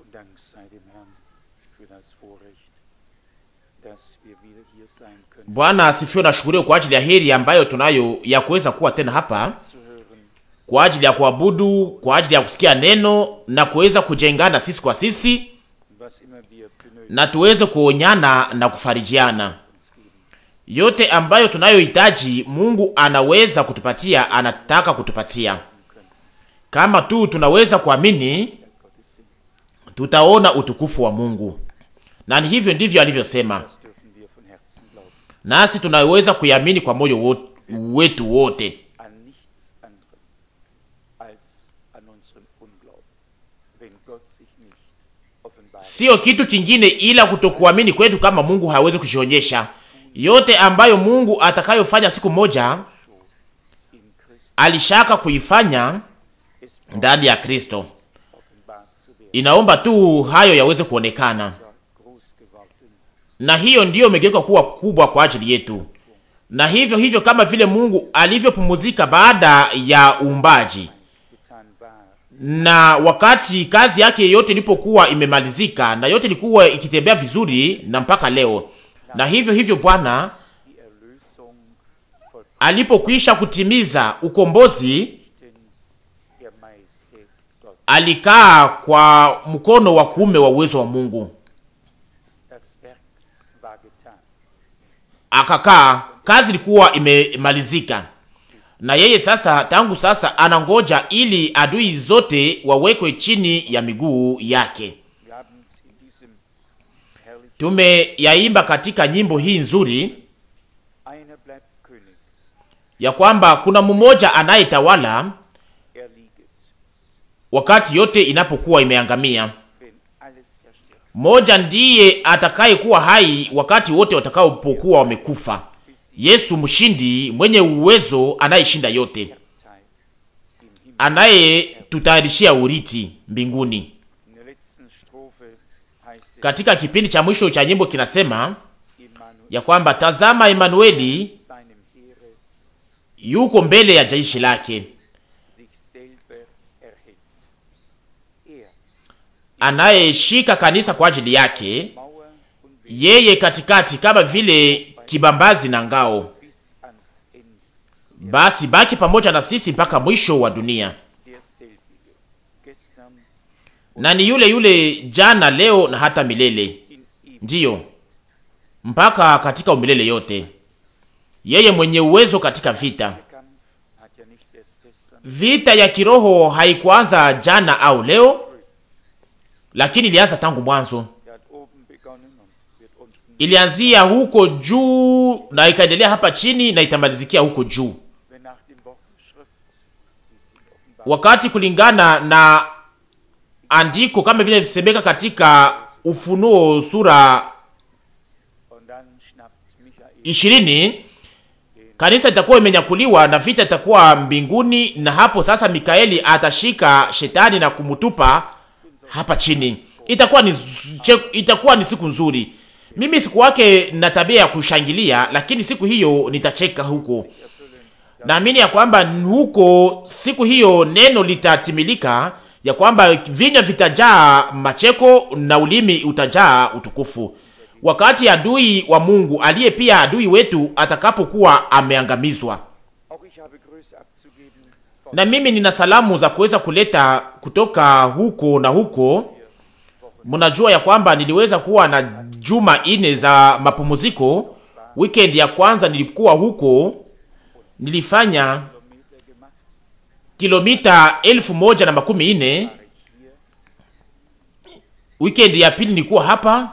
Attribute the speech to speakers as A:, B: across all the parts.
A: Und Dank sei dem Herrn für das Vorrecht
B: Bwana asifiwe na shukuriwe kwa ajili ya heri ambayo tunayo ya kuweza kuwa tena hapa kwa ajili ya kuabudu, kwa ajili ya kusikia neno na kuweza kujengana sisi kwa sisi, na tuweze kuonyana na kufarijiana. Yote ambayo tunayohitaji Mungu anaweza kutupatia, anataka kutupatia, kama tu tunaweza kuamini tutaona utukufu wa Mungu. Na ni hivyo ndivyo alivyosema, nasi tunaweza kuiamini kwa moyo wetu wote. Sio kitu kingine ila kutokuamini kwetu, kama Mungu hawezi kujionyesha. Yote ambayo Mungu atakayofanya siku moja alishaka kuifanya ndani ya Kristo inaomba tu hayo yaweze kuonekana, na hiyo ndiyo imegeuka kuwa kubwa kwa ajili yetu. Na hivyo hivyo kama vile Mungu alivyopumuzika baada ya uumbaji na wakati kazi yake yote ilipokuwa imemalizika na yote ilikuwa ikitembea vizuri na mpaka leo. Na hivyo hivyo Bwana alipokwisha kutimiza ukombozi alikaa kwa mkono wa kuume wa uwezo wa Mungu, akakaa. Kazi ilikuwa imemalizika, na yeye sasa, tangu sasa anangoja ili adui zote wawekwe chini ya miguu yake. Tumeyaimba katika nyimbo hii nzuri ya kwamba kuna mmoja anayetawala wakati yote inapokuwa imeangamia. Moja ndiye atakayekuwa hai wakati wote watakaopokuwa wamekufa. Yesu mshindi mwenye uwezo, anayeshinda yote, anayetutayarishia uriti mbinguni. Katika kipindi cha mwisho cha nyimbo kinasema ya kwamba tazama, Emanueli yuko mbele ya jeshi lake. anayeshika kanisa kwa ajili yake, yeye katikati, kama vile kibambazi na ngao. Basi baki pamoja na sisi mpaka mwisho wa dunia, na ni yule yule jana, leo na hata milele, ndiyo mpaka katika umilele yote. Yeye mwenye uwezo katika vita. Vita ya kiroho haikuanza jana au leo, lakini ilianza tangu mwanzo, ilianzia huko juu na ikaendelea hapa chini na itamalizikia huko juu. Wakati kulingana na andiko kama vile visemeka katika Ufunuo sura ishirini, kanisa itakuwa imenyakuliwa na vita itakuwa mbinguni, na hapo sasa Mikaeli atashika shetani na kumutupa hapa chini. Itakuwa ni, itakuwa ni siku nzuri. Mimi siku wake na tabia ya kushangilia, lakini siku hiyo nitacheka huko. Naamini ya kwamba huko siku hiyo neno litatimilika ya kwamba vinywa vitajaa macheko na ulimi utajaa utukufu, wakati adui wa Mungu aliye pia adui wetu atakapokuwa ameangamizwa na mimi nina salamu za kuweza kuleta kutoka huko na huko. Mnajua ya kwamba niliweza kuwa na juma ine za mapumziko. Weekend ya kwanza nilikuwa huko, nilifanya kilomita elfu moja na makumi ine. Weekend ya pili nilikuwa hapa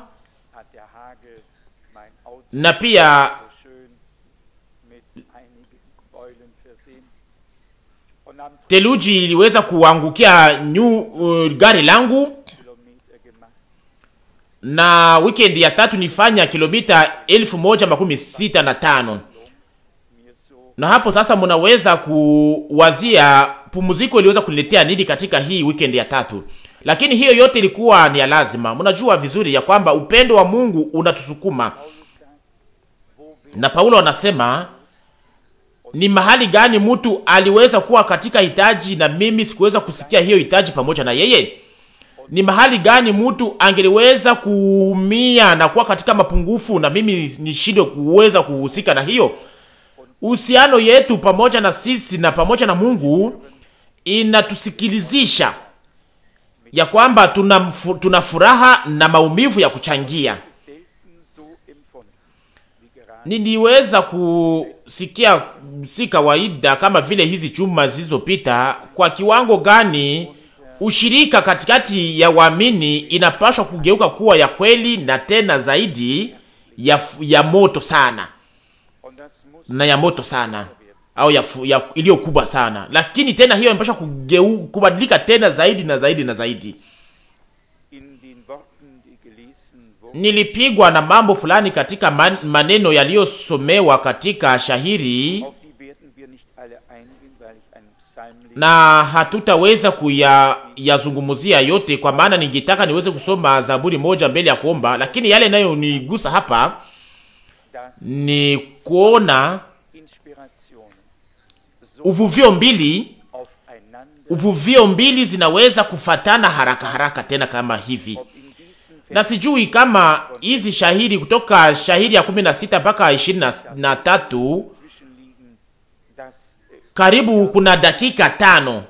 B: na pia teluji iliweza kuangukia nyu uh, gari langu, na weekend ya tatu nifanya kilomita elfu moja makumi sita na tano na hapo sasa, mnaweza kuwazia pumziko iliweza kuniletea nini katika hii weekend ya tatu. Lakini hiyo yote ilikuwa ni ya lazima. Mnajua vizuri ya kwamba upendo wa Mungu unatusukuma, na Paulo anasema ni mahali gani mtu aliweza kuwa katika hitaji na mimi sikuweza kusikia hiyo hitaji pamoja na yeye? Ni mahali gani mtu angeliweza kuumia na kuwa katika mapungufu na mimi nishindwe kuweza kuhusika na hiyo? Uhusiano yetu pamoja na sisi na pamoja na Mungu inatusikilizisha ya kwamba tuna, tuna furaha na maumivu ya kuchangia niliweza kusikia si kawaida kama vile hizi chuma zilizopita, kwa kiwango gani ushirika katikati ya waamini inapaswa kugeuka kuwa ya kweli na tena zaidi ya, ya moto sana na ya moto sana au ya, ya iliyo kubwa sana, lakini tena hiyo inapaswa kugeu kubadilika tena zaidi na zaidi na zaidi. nilipigwa na mambo fulani katika man, maneno yaliyosomewa katika shahiri na hatutaweza kuyazungumzia yote, kwa maana ningetaka niweze kusoma Zaburi moja mbele ya kuomba, lakini yale yanayonigusa hapa ni kuona uvuvio mbili, uvuvio mbili zinaweza kufatana haraka haraka tena kama hivi na sijui kama hizi shahiri kutoka shahiri ya kumi na sita mpaka ishirini na tatu karibu kuna dakika tano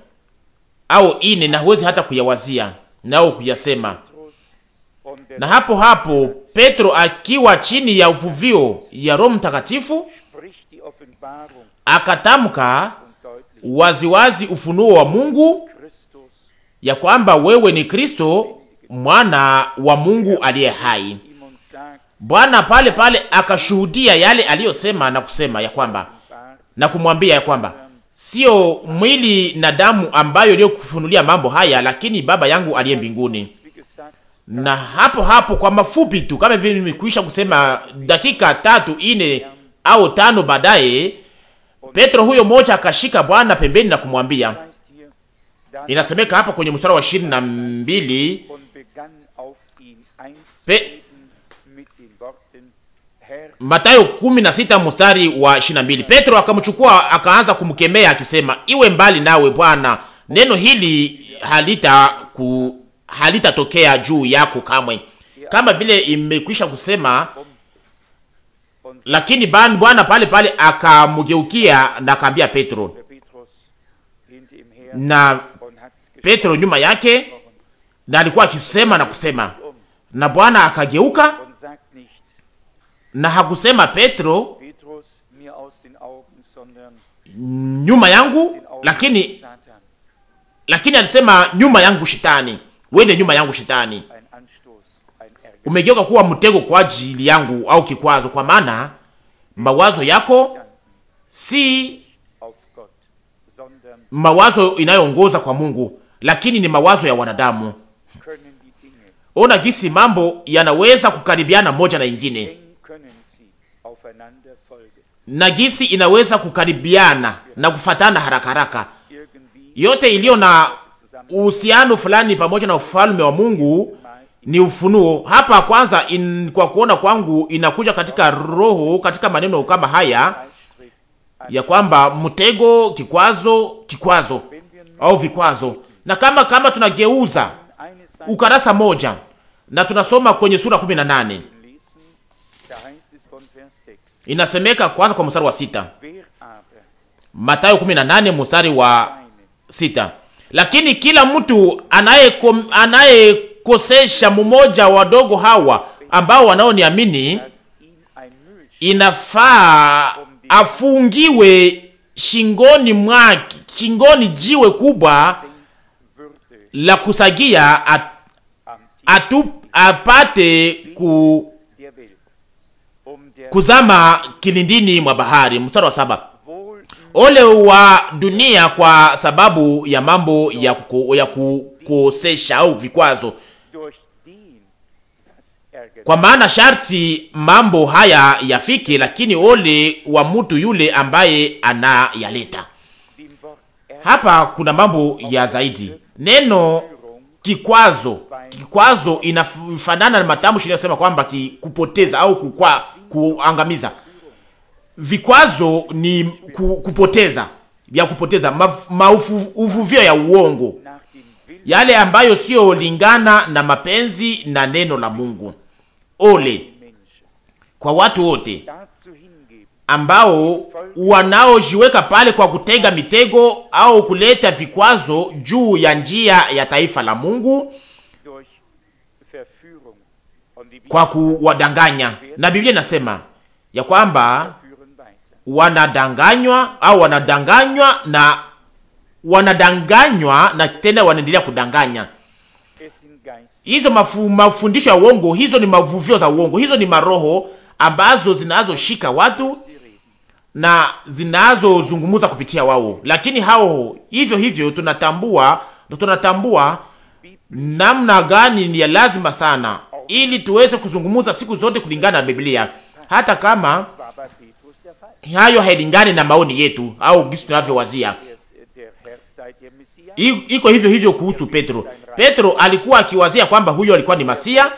B: au ine, na huwezi hata kuyawazia nao kuyasema. Na hapo hapo Petro akiwa chini ya uvuvio ya Roho Mtakatifu akatamka waziwazi ufunuo wa Mungu ya kwamba wewe ni Kristo mwana wa Mungu aliye hai. Bwana pale pale akashuhudia yale aliyosema na kusema ya kwamba na kumwambia ya kwamba sio mwili na damu ambayo kufunulia mambo haya, lakini Baba yangu aliye mbinguni. Na hapo hapo kwa mafupi tu, kama vile nimekwisha kusema dakika tatu ine au tano baadaye, Petro huyo moja akashika Bwana pembeni na kumwambia, inasemeka hapa kwenye mstari wa ishirini na mbili Pe, eh. Matayo kumi na sita mstari wa ishirini na mbili. Petro akamchukua akaanza kumkemea akisema, iwe mbali nawe Bwana, neno hili halita ku, halitatokea juu yako kamwe, kama vile imekwisha kusema. Lakini Bwana pale pale akamgeukia na akaambia Petro, na Petro nyuma yake, na alikuwa akisema na kusema na Bwana akageuka na hakusema Petro, nyuma yangu, lakini lakini alisema nyuma yangu shetani, wende nyuma yangu shetani, umegeuka kuwa mtego kwa ajili yangu au kikwazo, kwa maana mawazo yako si mawazo inayoongoza kwa Mungu, lakini ni mawazo ya wanadamu. Ona gisi mambo yanaweza kukaribiana moja na ingine na gisi inaweza kukaribiana na kufatana haraka haraka. Yote iliyo na uhusiano fulani pamoja na ufalme wa Mungu ni ufunuo hapa. Kwanza in, kwa kuona kwangu inakuja katika roho, katika maneno kama haya ya kwamba mtego, kikwazo, kikwazo au vikwazo, na kama kama tunageuza ukarasa moja na tunasoma kwenye sura 18 inasemeka kwanza kwa mstari wa sita Mathayo 18 mstari wa sita lakini kila mtu anayekosesha anaye mmoja wadogo hawa ambao wanaoniamini inafaa afungiwe shingoni mwake shingoni jiwe kubwa la kusagia at atu, apate ku, kuzama kilindini mwa bahari. Mstari wa saba. Ole wa dunia kwa sababu ya mambo ya, kuko, ya kukosesha au vikwazo, kwa maana sharti mambo haya yafike, lakini ole wa mtu yule ambaye anayaleta. Hapa kuna mambo ya zaidi neno kikwazo kikwazo inafanana na matamshi inayosema kwamba kupoteza au kukwa, kuangamiza. Vikwazo ni ku, kupoteza ya kupoteza mauvuvio ya uongo, yale ambayo sio lingana na mapenzi na neno la Mungu. Ole kwa watu wote ambao wanaojiweka pale kwa kutega mitego au kuleta vikwazo juu ya njia ya taifa la Mungu kwa kuwadanganya, na Biblia inasema ya kwamba wanadanganywa au wanadanganywa na wanadanganywa na tena wanaendelea kudanganya. Hizo mafu, mafundisho ya uongo, hizo ni mavuvio za uongo, hizo ni maroho ambazo zinazoshika watu na zinazozungumza kupitia wao. Lakini hao hivyo hivyo tunatambua tunatambua namna gani ni ya lazima sana ili tuweze kuzungumuza siku zote kulingana na Biblia, hata kama hayo hailingani na maoni yetu au gisi tunavyowazia. Iko hivyo hivyo kuhusu Petro. Petro alikuwa akiwazia kwamba huyo alikuwa ni Masia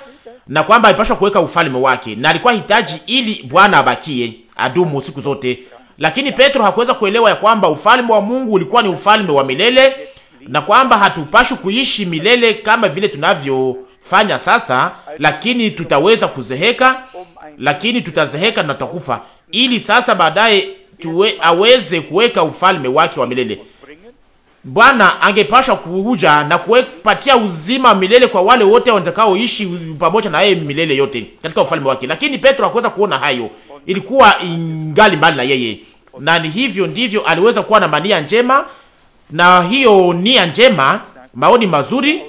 B: na kwamba alipashwa kuweka ufalme wake na alikuwa hitaji ili Bwana abakie adumu siku zote, lakini Petro hakuweza kuelewa ya kwamba ufalme wa Mungu ulikuwa ni ufalme wa milele na kwamba hatupashi kuishi milele kama vile tunavyo fanya sasa, lakini tutaweza kuzeheka, lakini tutazeheka na tutakufa, ili sasa baadaye tuwe, aweze kuweka ufalme wake wa milele. Bwana angepasha kuja na kupatia uzima milele kwa wale wote watakaoishi pamoja na yeye milele yote katika ufalme wake, lakini Petro hakuweza kuona hayo, ilikuwa ingali mbali na yeye, na ni hivyo ndivyo aliweza kuwa na mania njema, na hiyo nia njema, maoni mazuri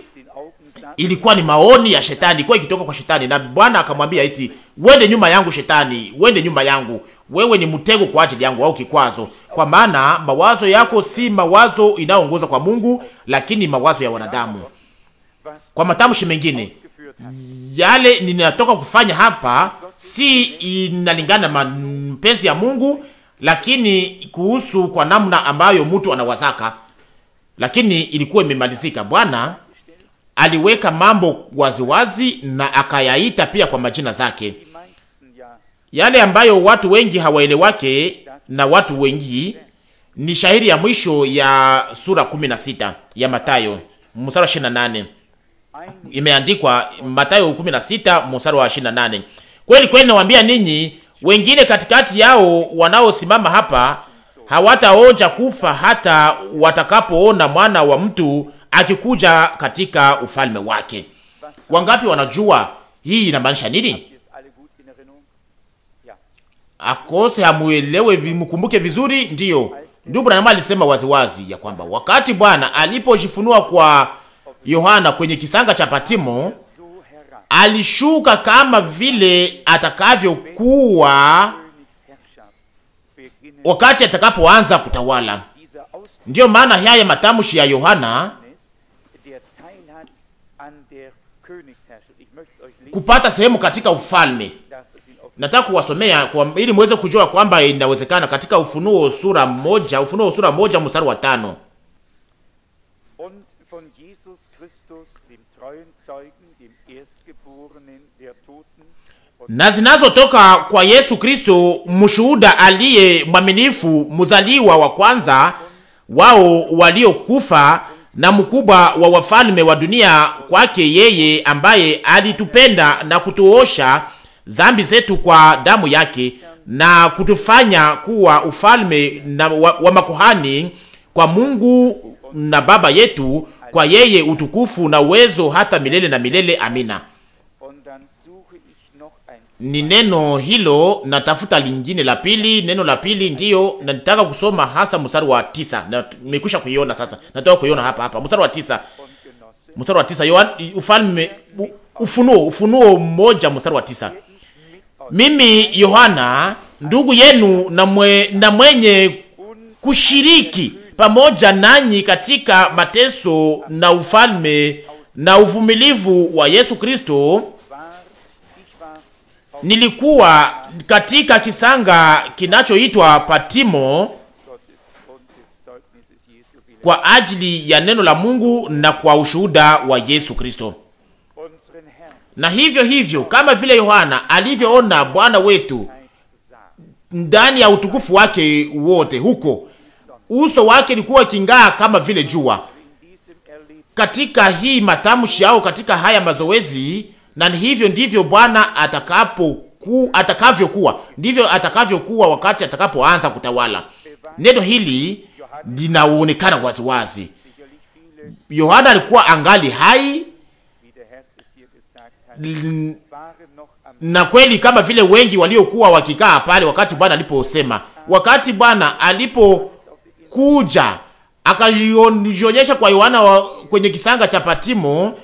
B: ilikuwa ni maoni ya shetani, ilikuwa ikitoka kwa shetani, na Bwana akamwambia eti, wende nyuma yangu shetani, wende nyuma yangu, wewe ni mtego kwa ajili yangu au kikwazo, kwa maana mawazo yako si mawazo inayoongoza kwa Mungu, lakini mawazo ya wanadamu. Kwa matamshi mengine, yale ninatoka kufanya hapa si inalingana na mapenzi ya Mungu, lakini kuhusu kwa namna ambayo mtu anawazaka, lakini ilikuwa imemalizika Bwana aliweka mambo waziwazi wazi, na akayaita pia kwa majina zake yale ambayo watu wengi hawaelewake na watu wengi ni shahiri ya mwisho ya sura 16 ya Mathayo mstari wa 28, imeandikwa Mathayo 16 mstari wa 28. Kweli kweli nawaambia ninyi, wengine katikati yao wanaosimama hapa hawataonja kufa hata watakapoona mwana wa mtu akikuja katika ufalme wake. Wangapi wanajua hii inamaanisha nini? Akose hamuelewe, vimkumbuke vizuri. Ndiyo, ndugu Branham alisema waziwazi ya kwamba wakati Bwana alipojifunua kwa Yohana kwenye kisanga cha Patimo, alishuka kama vile atakavyokuwa wakati atakapoanza kutawala. Ndiyo maana haya matamshi ya Yohana kupata sehemu katika ufalme. Nataka kuwasomea kwa, ili muweze kujua kwamba inawezekana katika Ufunuo sura moja, Ufunuo sura moja mstari wa tano. na zinazotoka kwa Yesu Kristo mshuhuda aliye mwaminifu, mzaliwa wa kwanza wao waliokufa na mkubwa wa wafalme wa dunia, kwake yeye ambaye alitupenda na kutuosha dhambi zetu kwa damu yake na kutufanya kuwa ufalme na wa, wa makuhani kwa Mungu na Baba yetu, kwa yeye utukufu na uwezo hata milele na milele. Amina ni neno hilo, natafuta lingine la pili. Neno la pili ndiyo na nitaka kusoma hasa mstari wa tisa, na nimekwisha kuiona sasa, nataka kuiona hapa hapa mstari wa tisa, mstari wa tisa Yohana, ufalme, ufunuo, ufunuo mmoja mstari wa tisa. Mimi Yohana ndugu yenu na, mwe, na mwenye kushiriki pamoja nanyi katika mateso na ufalme na uvumilivu wa Yesu Kristo nilikuwa katika kisanga kinachoitwa Patimo kwa ajili ya neno la Mungu na kwa ushuhuda wa Yesu Kristo. Na hivyo hivyo kama vile Yohana alivyoona Bwana wetu ndani ya utukufu wake wote, huko uso wake ulikuwa kingaa kama vile jua. Katika hii matamshi yao, katika haya mazoezi na hivyo ndivyo Bwana atakapoku atakavyokuwa, ndivyo atakavyokuwa wakati atakapoanza kutawala. Neno hili linaonekana waziwazi. Yohana alikuwa angali hai na kweli, kama vile wengi waliokuwa wakikaa pale wakati Bwana aliposema, wakati Bwana alipokuja akajionyesha kwa Yohana kwenye kisanga cha Patimo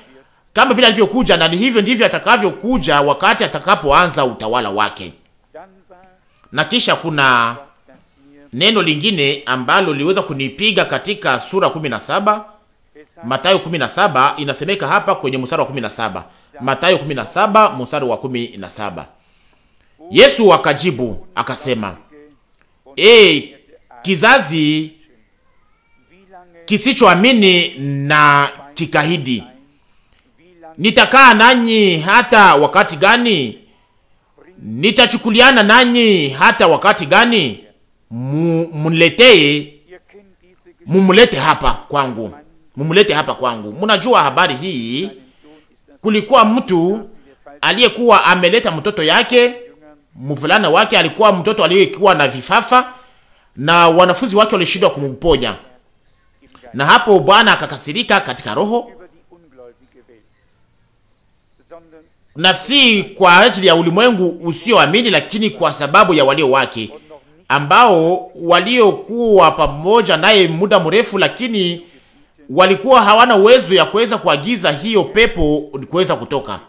B: kama vile alivyokuja, na hivyo ndivyo atakavyokuja wakati atakapoanza utawala wake. Na kisha kuna neno lingine ambalo liweza kunipiga katika sura 17 Mathayo 17, inasemeka hapa kwenye mstari wa 17, Mathayo 17 mstari wa 17. Yesu akajibu akasema, e, kizazi kisichoamini na kikahidi Nitakaa nanyi hata wakati gani? Nitachukuliana nanyi hata wakati gani? Mumletee, mumlete hapa kwangu, mumlete hapa kwangu. Mnajua habari hii, kulikuwa mtu aliyekuwa ameleta mtoto yake mvulana wake, alikuwa mtoto aliyekuwa na vifafa na wanafunzi wake walishindwa kumponya, na hapo Bwana akakasirika katika roho na si kwa ajili ya ulimwengu usioamini, lakini kwa sababu ya walio wake ambao waliokuwa pamoja naye muda mrefu, lakini walikuwa hawana uwezo ya kuweza kuagiza hiyo pepo kuweza kutoka.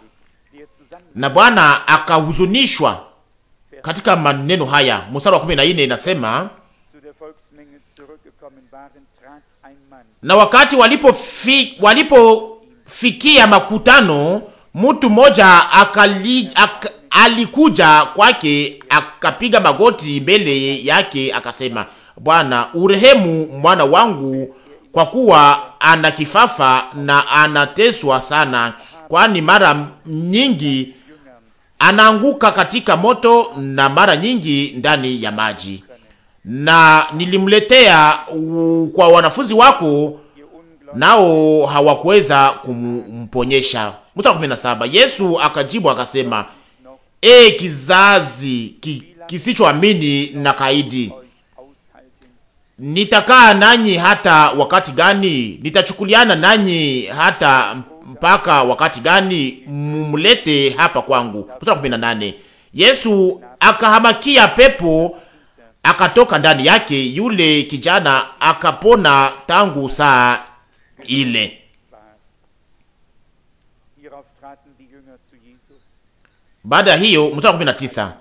B: Na Bwana akahuzunishwa katika maneno haya. Mstari wa 14 inasema na wakati walipofikia fi, walipo makutano mtu mmoja akali, ak, alikuja kwake akapiga magoti mbele yake akasema, Bwana urehemu mwana wangu, kwa kuwa ana kifafa na anateswa sana, kwani mara nyingi anaanguka katika moto na mara nyingi ndani ya maji. Na nilimletea kwa wanafunzi wako, nao hawakuweza kumponyesha. Mstari wa saba Yesu akajibu akasema, e kizazi ki, kisichoamini na kaidi, nitakaa nanyi hata wakati gani? Nitachukuliana nanyi hata mpaka wakati gani? Mumlete hapa kwangu. Mstari wa nane Yesu akahamakia pepo akatoka ndani yake, yule kijana akapona tangu saa ile. Baada ya hiyo mstari wa tisa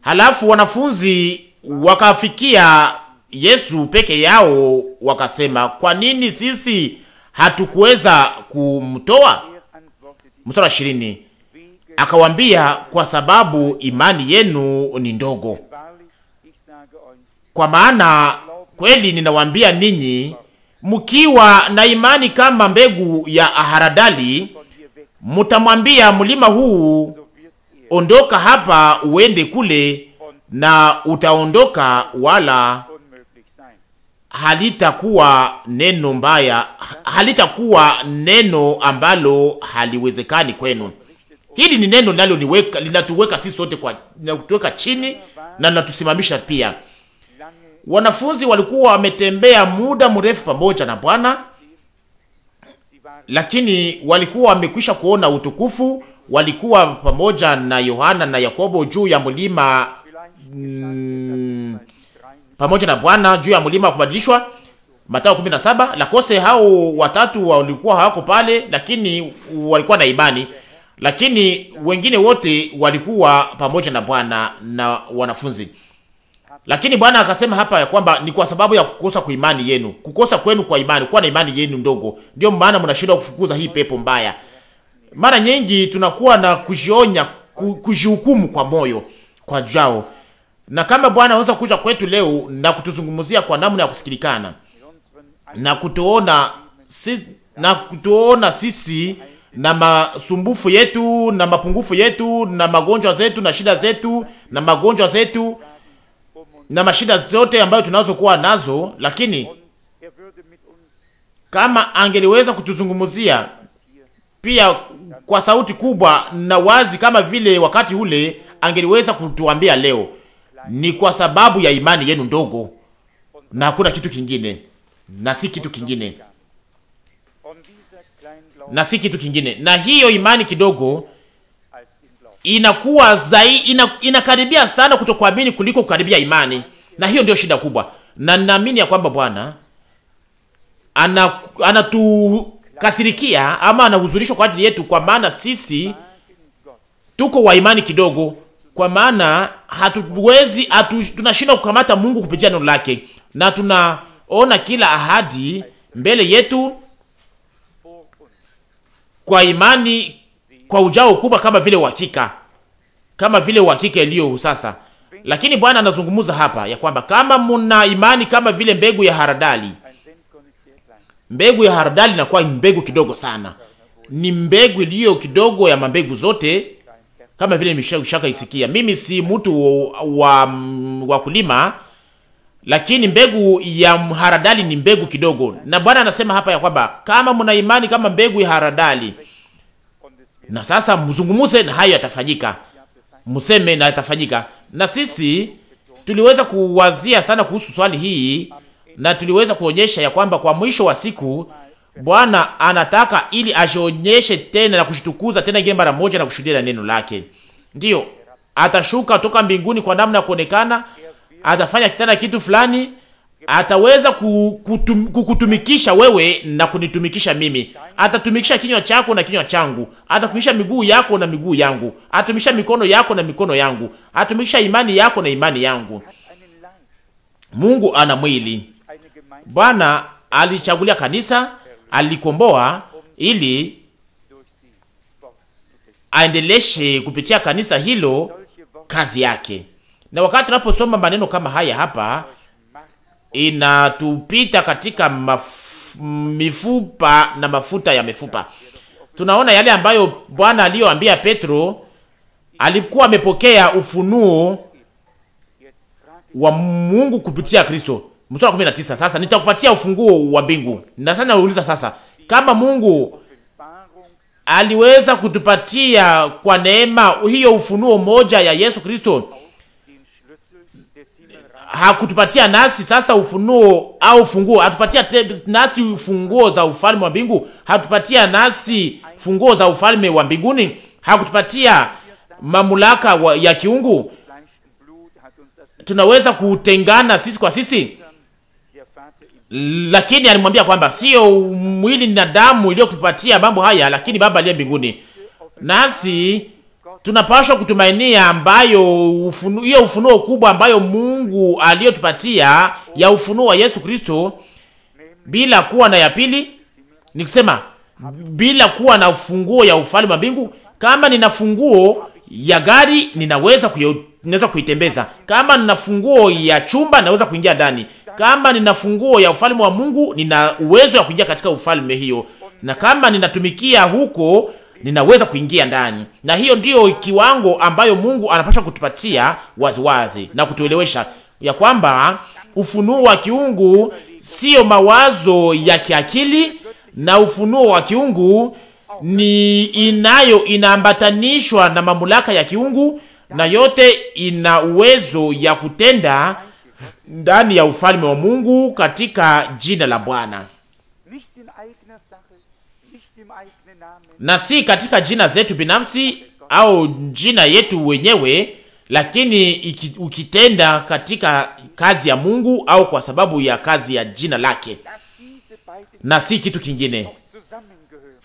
B: halafu wanafunzi wakafikia Yesu peke yao, wakasema kwa nini sisi hatukuweza kumtoa? Mstari wa ishirini akawambia kwa sababu imani yenu ni ndogo. Kwa maana kweli ninawambia ninyi, mkiwa na imani kama mbegu ya aharadali, mtamwambia mlima huu ondoka hapa uende kule, na utaondoka wala halitakuwa neno mbaya, halitakuwa neno ambalo haliwezekani kwenu. Hili ni neno linaloniweka linatuweka sisi sote kwa natuweka chini na linatusimamisha pia. Wanafunzi walikuwa wametembea muda mrefu pamoja na Bwana, lakini walikuwa wamekwisha kuona utukufu walikuwa pamoja na Yohana na Yakobo juu ya mlima mm, pamoja na Bwana juu ya mlima wa kubadilishwa, Mathayo 17. La kose hao watatu walikuwa hawako pale, lakini walikuwa na imani, lakini wengine wote walikuwa pamoja na Bwana na wanafunzi. Lakini Bwana akasema hapa ya kwamba ni kwa sababu ya kukosa kwa imani yenu, kukosa kwenu kwa imani, kuwa na imani yenu ndogo, ndio maana mnashindwa kufukuza hii pepo mbaya mara nyingi tunakuwa na kujionya, kujihukumu kwa moyo kwa jao, na kama Bwana anaweza kuja kwetu leo na kutuzungumzia kwa namna ya kusikilikana na kutuona sisi, na kutuona sisi na masumbufu yetu na mapungufu yetu na magonjwa zetu na shida zetu na magonjwa zetu na mashida zote ambayo tunazokuwa nazo, lakini kama angeliweza kutuzungumzia pia kwa sauti kubwa na wazi kama vile wakati ule angeliweza kutuambia leo, ni kwa sababu ya imani yenu ndogo, na hakuna kitu kingine, na si kitu kingine, na si kitu kingine. Na hiyo imani kidogo inakuwa zai, ina, inakaribia sana kutokuamini kuliko kukaribia imani, na hiyo ndio shida kubwa, na ninaamini ya kwamba Bwana anatu kasirikia ama anahuzunishwa kwa ajili yetu, kwa maana sisi tuko wa imani kidogo, kwa maana hatuwezi hatu, tunashindwa kukamata Mungu kupitia neno lake, na tunaona kila ahadi mbele yetu kwa imani, kwa ujao kubwa, kama vile uhakika, kama vile uhakika iliyo sasa. Lakini Bwana anazungumza hapa ya kwamba kama muna imani kama vile mbegu ya haradali Mbegu ya haradali inakuwa mbegu kidogo sana, ni mbegu iliyo kidogo ya mambegu zote, kama vile nimeshaka isikia. Mimi si mtu wa wa, wa kulima, lakini mbegu ya haradali ni mbegu kidogo, na Bwana anasema hapa ya kwamba kama mna imani kama mbegu ya haradali, na sasa mzungumuze na hayo yatafanyika, museme na yatafanyika. Na sisi tuliweza kuwazia sana kuhusu swali hii na tuliweza kuonyesha ya kwamba kwa mwisho wa siku Bwana anataka ili ajionyeshe tena na kushitukuza tena ingine mara moja na kushuhudia na neno lake. Ndiyo, atashuka toka mbinguni kwa namna ya kuonekana, atafanya tena kitu fulani, ataweza kukutum, kukutumikisha wewe na kunitumikisha mimi. Atatumikisha kinywa chako na kinywa changu, atatumikisha miguu yako na miguu yangu, atatumikisha mikono yako na mikono yangu, atatumikisha imani yako na imani yangu. Mungu ana mwili Bwana alichagulia kanisa, alikomboa ili aendeleshe kupitia kanisa hilo kazi yake. Na wakati tunaposoma maneno kama haya hapa, inatupita katika maf mifupa na mafuta ya mifupa. Tunaona yale ambayo Bwana aliyoambia Petro, alikuwa amepokea ufunuo wa Mungu kupitia Kristo mstari wa 19, sasa nitakupatia ufunguo wa mbingu. Na sasa nauliza sasa, kama Mungu aliweza kutupatia kwa neema hiyo ufunuo moja ya Yesu Kristo, hakutupatia nasi sasa ufunuo au funguo? Hatupatia nasi ufunguo za ufalme wa mbingu? Hatupatia nasi funguo za ufalme wa mbinguni? Hakutupatia mamlaka ya kiungu? Tunaweza kutengana sisi kwa sisi? lakini alimwambia kwamba sio mwili na damu iliyokupatia mambo haya, lakini Baba aliye mbinguni. Nasi tunapaswa kutumainia ambayo ufunu, hiyo ufunuo kubwa ambayo Mungu aliyotupatia ya ufunuo wa Yesu Kristo, bila kuwa na ya pili, kusema bila kuwa na funguo ya ufalme wa mbingu. Kama nina funguo ya gari, ninaweza kuyo ninaweza kuitembeza. Kama nina funguo ya chumba, naweza kuingia ndani. Kama nina funguo ya ufalme wa Mungu, nina uwezo wa kuingia katika ufalme hiyo, na kama ninatumikia huko, ninaweza kuingia ndani. Na hiyo ndiyo kiwango ambayo Mungu anapaswa kutupatia waziwazi wazi, na kutuelewesha ya kwamba ufunuo wa kiungu sio mawazo ya kiakili, na ufunuo wa kiungu ni inayo inaambatanishwa na mamlaka ya kiungu na yote ina uwezo ya kutenda ndani ya ufalme wa Mungu katika jina la Bwana na si katika jina zetu binafsi au jina yetu wenyewe, lakini iki, ukitenda katika kazi ya Mungu au kwa sababu ya kazi ya jina lake, na si kitu kingine,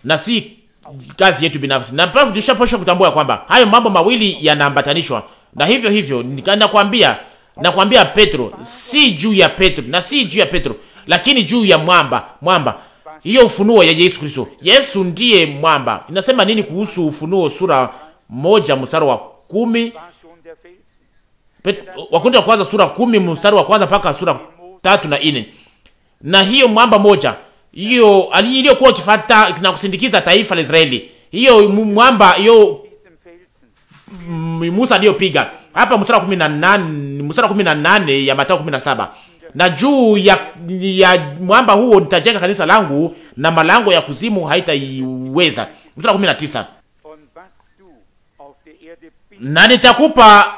B: na si kazi yetu binafsi, na mpaka tushapasha kutambua kwamba hayo mambo mawili yanaambatanishwa na hivyo hivyo. Nakwambia, nakwambia Petro, si juu ya Petro na si juu ya Petro, lakini juu ya mwamba, mwamba hiyo ufunuo ya Yesu Kristo. Yesu ndiye mwamba. Inasema nini kuhusu Ufunuo sura moja mstari wa kumi Wakundi wa kwanza sura kumi mstari wa kwanza mpaka sura tatu na nne na hiyo mwamba moja hiyo iliyokuwa ikifata na kusindikiza taifa la Israeli, hiyo mwamba, hiyo Musa aliyopiga hapa, mstari wa 18, mstari wa 18 ya Mathayo 17, na juu ya, ya mwamba huo nitajenga kanisa langu na malango ya kuzimu haitaiweza. Mstari wa 19, na nitakupa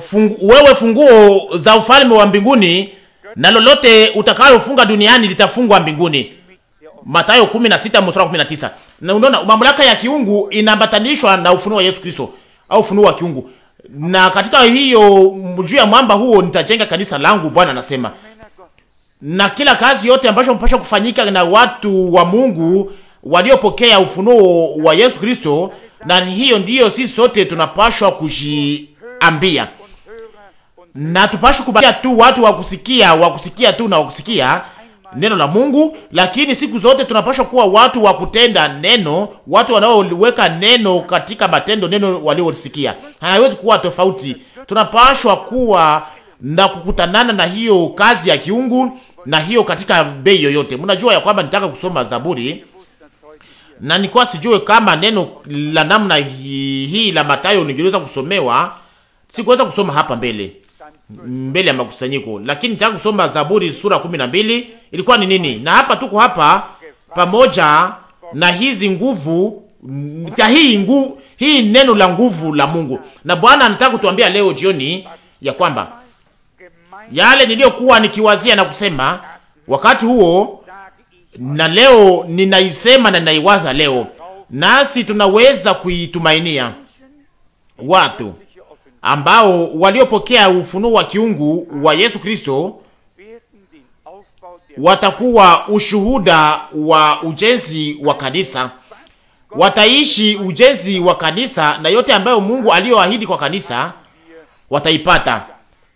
B: fungu, wewe funguo za ufalme wa mbinguni, na lolote utakalofunga duniani litafungwa mbinguni Mathayo 16 mstari wa 19. Na unaona mamlaka ya kiungu inambatanishwa na ufunuo wa Yesu Kristo au ufunuo wa kiungu. Na katika hiyo juu ya mwamba huo nitajenga kanisa langu, Bwana anasema. Na kila kazi yote ambayo mpasha kufanyika na watu wa Mungu waliopokea ufunuo wa Yesu Kristo, na hiyo ndiyo sisi sote tunapashwa kujiambia na tupashwe kubakia tu watu wa kusikia wa kusikia tu na wa kusikia neno la Mungu, lakini siku zote tunapaswa kuwa watu wa kutenda neno, watu wanaoweka neno katika matendo, neno waliosikia. Hayawezi kuwa tofauti. Tunapashwa kuwa na kukutanana na hiyo kazi ya kiungu na hiyo katika bei yoyote. Mnajua ya kwamba nitaka kusoma Zaburi na nilikuwa sijue kama neno la namna hii hi, la Mathayo ningeweza kusomewa, sikuweza kusoma hapa mbele mbele ya makusanyiko, lakini nitaka kusoma Zaburi sura kumi na mbili ilikuwa ni nini, na hapa tuko hapa pamoja na hizi nguvu na hii ngu, hii neno la nguvu la Mungu. Na Bwana anataka kutuambia leo jioni ya kwamba yale niliyokuwa nikiwazia na kusema wakati huo na leo ninaisema na ninaiwaza leo, nasi tunaweza kuitumainia watu ambao waliopokea ufunuo wa kiungu wa Yesu Kristo watakuwa ushuhuda wa ujenzi wa kanisa, wataishi ujenzi wa kanisa, na yote ambayo Mungu aliyoahidi kwa kanisa wataipata.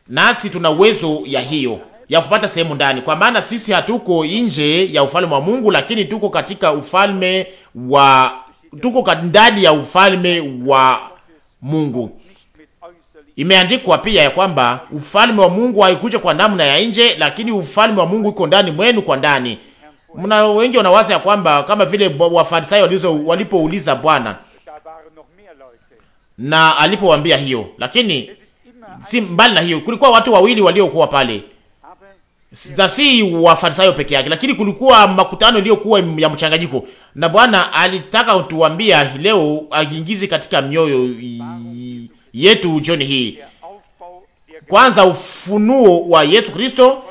B: Nasi tuna uwezo ya hiyo ya kupata sehemu ndani, kwa maana sisi hatuko nje ya ufalme wa Mungu, lakini tuko katika ufalme wa, tuko ndani ya ufalme wa Mungu. Imeandikwa pia ya kwamba ufalme wa Mungu haikuja kwa namna ya nje, lakini ufalme wa Mungu uko ndani mwenu kwa ndani. Mna wengi wanawaza ya kwamba kama vile wafarisayo walizo walipouliza Bwana na alipowaambia hiyo, lakini si mbali na hiyo, kulikuwa watu wawili waliokuwa pale na si wafarisayo peke yake, lakini kulikuwa makutano iliyokuwa ya mchanganyiko, na Bwana alitaka kutuambia leo aingize katika mioyo yetu jioni hii. Kwanza ufunuo wa Yesu Kristo,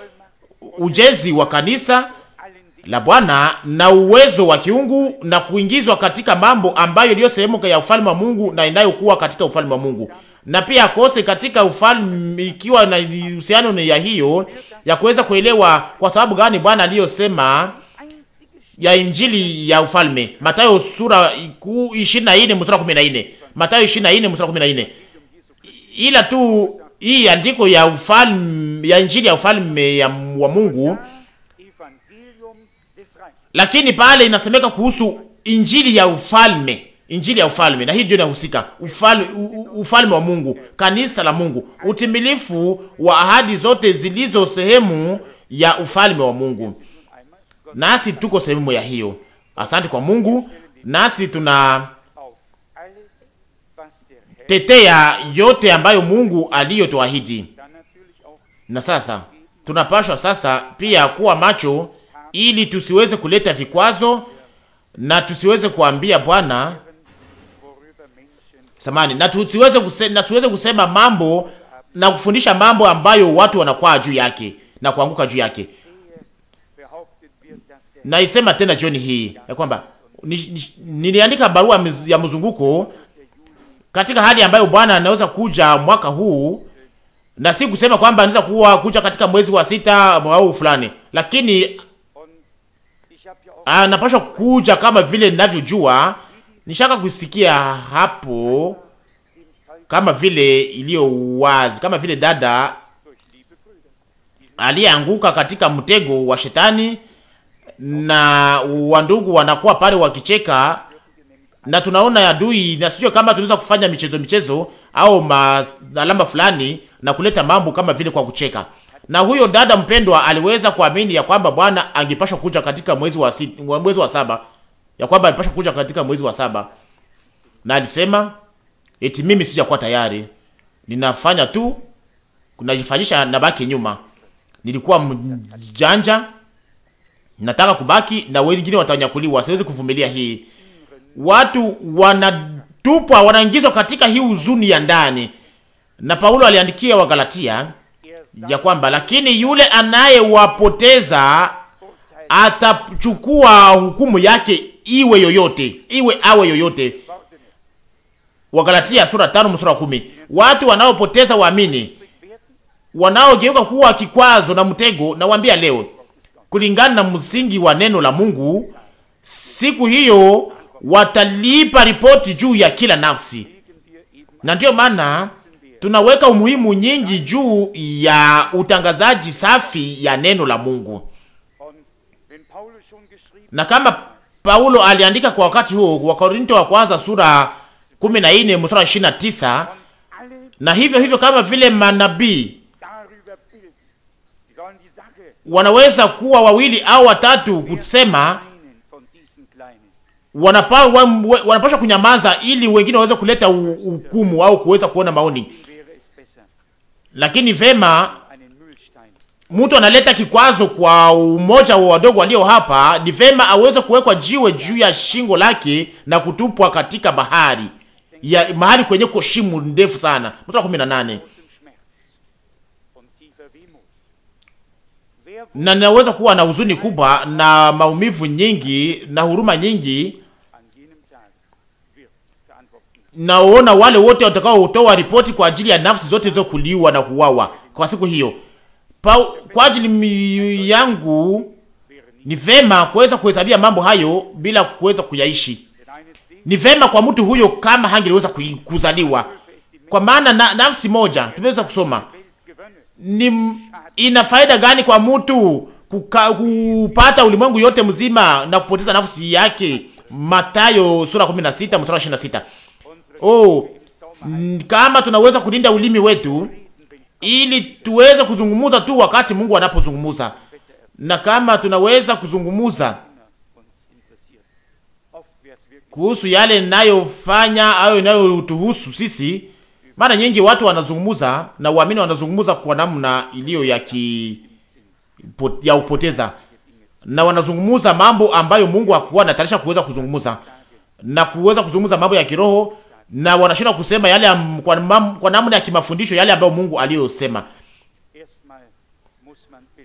B: ujezi wa kanisa la Bwana na uwezo wa kiungu na kuingizwa katika mambo ambayo iliyo sehemu ya ufalme wa Mungu na inayokuwa katika ufalme wa Mungu, na pia kose katika ufalme, ikiwa na uhusiano ya hiyo ya kuweza kuelewa kwa sababu gani Bwana aliyosema ya injili ya ufalme, Mathayo sura 24 mstari 14, Mathayo 24 mstari 14 ila tu hii andiko ya ufalme, ya injili ya ufalme ya wa Mungu, lakini pale inasemeka kuhusu injili ya ufalme, injili ya ufalme, na hii ndio inahusika ufalme, ufalme wa Mungu, kanisa la Mungu, utimilifu wa ahadi zote zilizo sehemu ya ufalme wa Mungu, nasi tuko sehemu ya hiyo. Asante kwa Mungu, nasi tuna tetea yote ambayo Mungu aliyotuahidi. Na sasa tunapashwa sasa pia kuwa macho, ili tusiweze kuleta vikwazo na tusiweze kuambia Bwana samani, na tusiweze kuse, na tusiweze kusema mambo na kufundisha mambo ambayo watu wanakwaa juu yake na kuanguka juu yake. Naisema tena jioni hii ya kwamba niliandika barua ya mzunguko katika hali ambayo Bwana anaweza kuja mwaka huu, na si kusema kwamba anaweza kuwa kuja katika mwezi wa sita au fulani, lakini anapaswa kuja kama vile ninavyojua. Nishaka kusikia hapo kama vile iliyo wazi, kama vile dada aliyeanguka katika mtego wa shetani na wandugu wanakuwa pale wakicheka na tunaona ya adui, na sio kama tunaweza kufanya michezo michezo au alama fulani na kuleta mambo kama vile kwa kucheka. Na huyo dada mpendwa aliweza kuamini ya kwamba Bwana angepashwa kuja katika mwezi wa si, mwezi wa saba, ya kwamba alipashwa kuja katika mwezi wa saba, na alisema eti mimi sijakuwa tayari, ninafanya tu kunajifanyisha na baki nyuma, nilikuwa mjanja, nataka kubaki na wengine watanyakuliwa, siwezi kuvumilia hii watu wanatupwa, wanaingizwa katika hii huzuni ya ndani. Na Paulo aliandikia Wagalatia ya kwamba lakini yule anayewapoteza atachukua hukumu yake iwe yoyote, iwe awe yoyote. Wagalatia sura tano mstari wa kumi. Watu wanaopoteza waamini wanaogeuka kuwa kikwazo na mtego, nawaambia leo kulingana na msingi wa neno la Mungu, siku hiyo watalipa ripoti juu ya kila nafsi, na ndiyo maana tunaweka umuhimu nyingi juu ya utangazaji safi ya neno la Mungu. Na kama Paulo aliandika kwa wakati huo wa Korinto wa kwanza sura 14 mstari 29, na hivyo hivyo kama vile manabii wanaweza kuwa wawili au watatu kusema wanapa, wanapasha kunyamaza ili wengine waweze kuleta hukumu au kuweza kuona maoni. Lakini vema, mtu analeta kikwazo kwa umoja wa wadogo walio hapa, ni vema aweze kuwekwa jiwe juu ya shingo lake na kutupwa katika bahari ya mahali kwenye koshimu ndefu sana. Mstari wa 18 na naweza kuwa na huzuni kubwa na maumivu nyingi na huruma nyingi naona wale wote watakao watakaotoa ripoti kwa ajili ya nafsi zote kuliwa na kuwawa kwa siku hiyo. Pa, kwa ajili yangu ni vema kuweza kuhesabia mambo hayo bila kuweza kuyaishi. Ni vema kwa mtu huyo kama hangeweza kuzaliwa, kwa maana na, nafsi moja tumeweza kusoma ni ina faida gani kwa mtu kuka, kupata ulimwengu yote mzima na kupoteza nafsi yake. Mathayo sura 16 mstari 26. Oh, kama tunaweza kulinda ulimi wetu ili tuweze kuzungumuza tu wakati Mungu anapozungumuza, na kama tunaweza kuzungumuza kuhusu yale inayofanya au inayotuhusu sisi. Mara nyingi watu wanazungumuza na uamini, wanazungumuza kwa namna iliyo ya ki ya upoteza, na wanazungumuza mambo ambayo Mungu hakuwa anatarisha kuweza kuzungumuza na kuweza kuzungumuza mambo ya kiroho na wanashindwa kusema yale am, kwa, mam, kwa namna ya kimafundisho yale ambayo Mungu aliyosema.